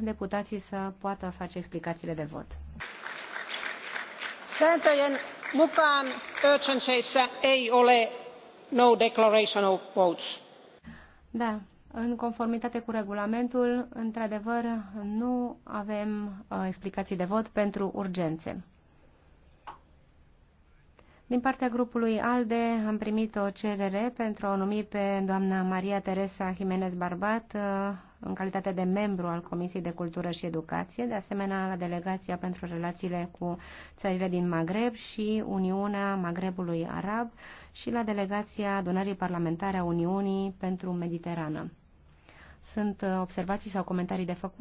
deputații să poată face explicațiile de vot. Sääntöjen mukaan urgenceissa ei ole no declaration of votes. Da, în conformitate cu regulamentul, într-adevăr, nu avem uh, explicații de vot pentru urgențe. Din partea grupului ALDE am primit o cerere pentru a o numi pe doamna Maria Teresa Jimenez Barbat uh, în calitate de membru al Comisiei de Cultură și Educație, de asemenea la Delegația pentru Relațiile cu țările din Maghreb și Uniunea Maghrebului Arab și la Delegația Adunării Parlamentare a Uniunii pentru Mediterană. Sunt uh, observații sau comentarii de făcut?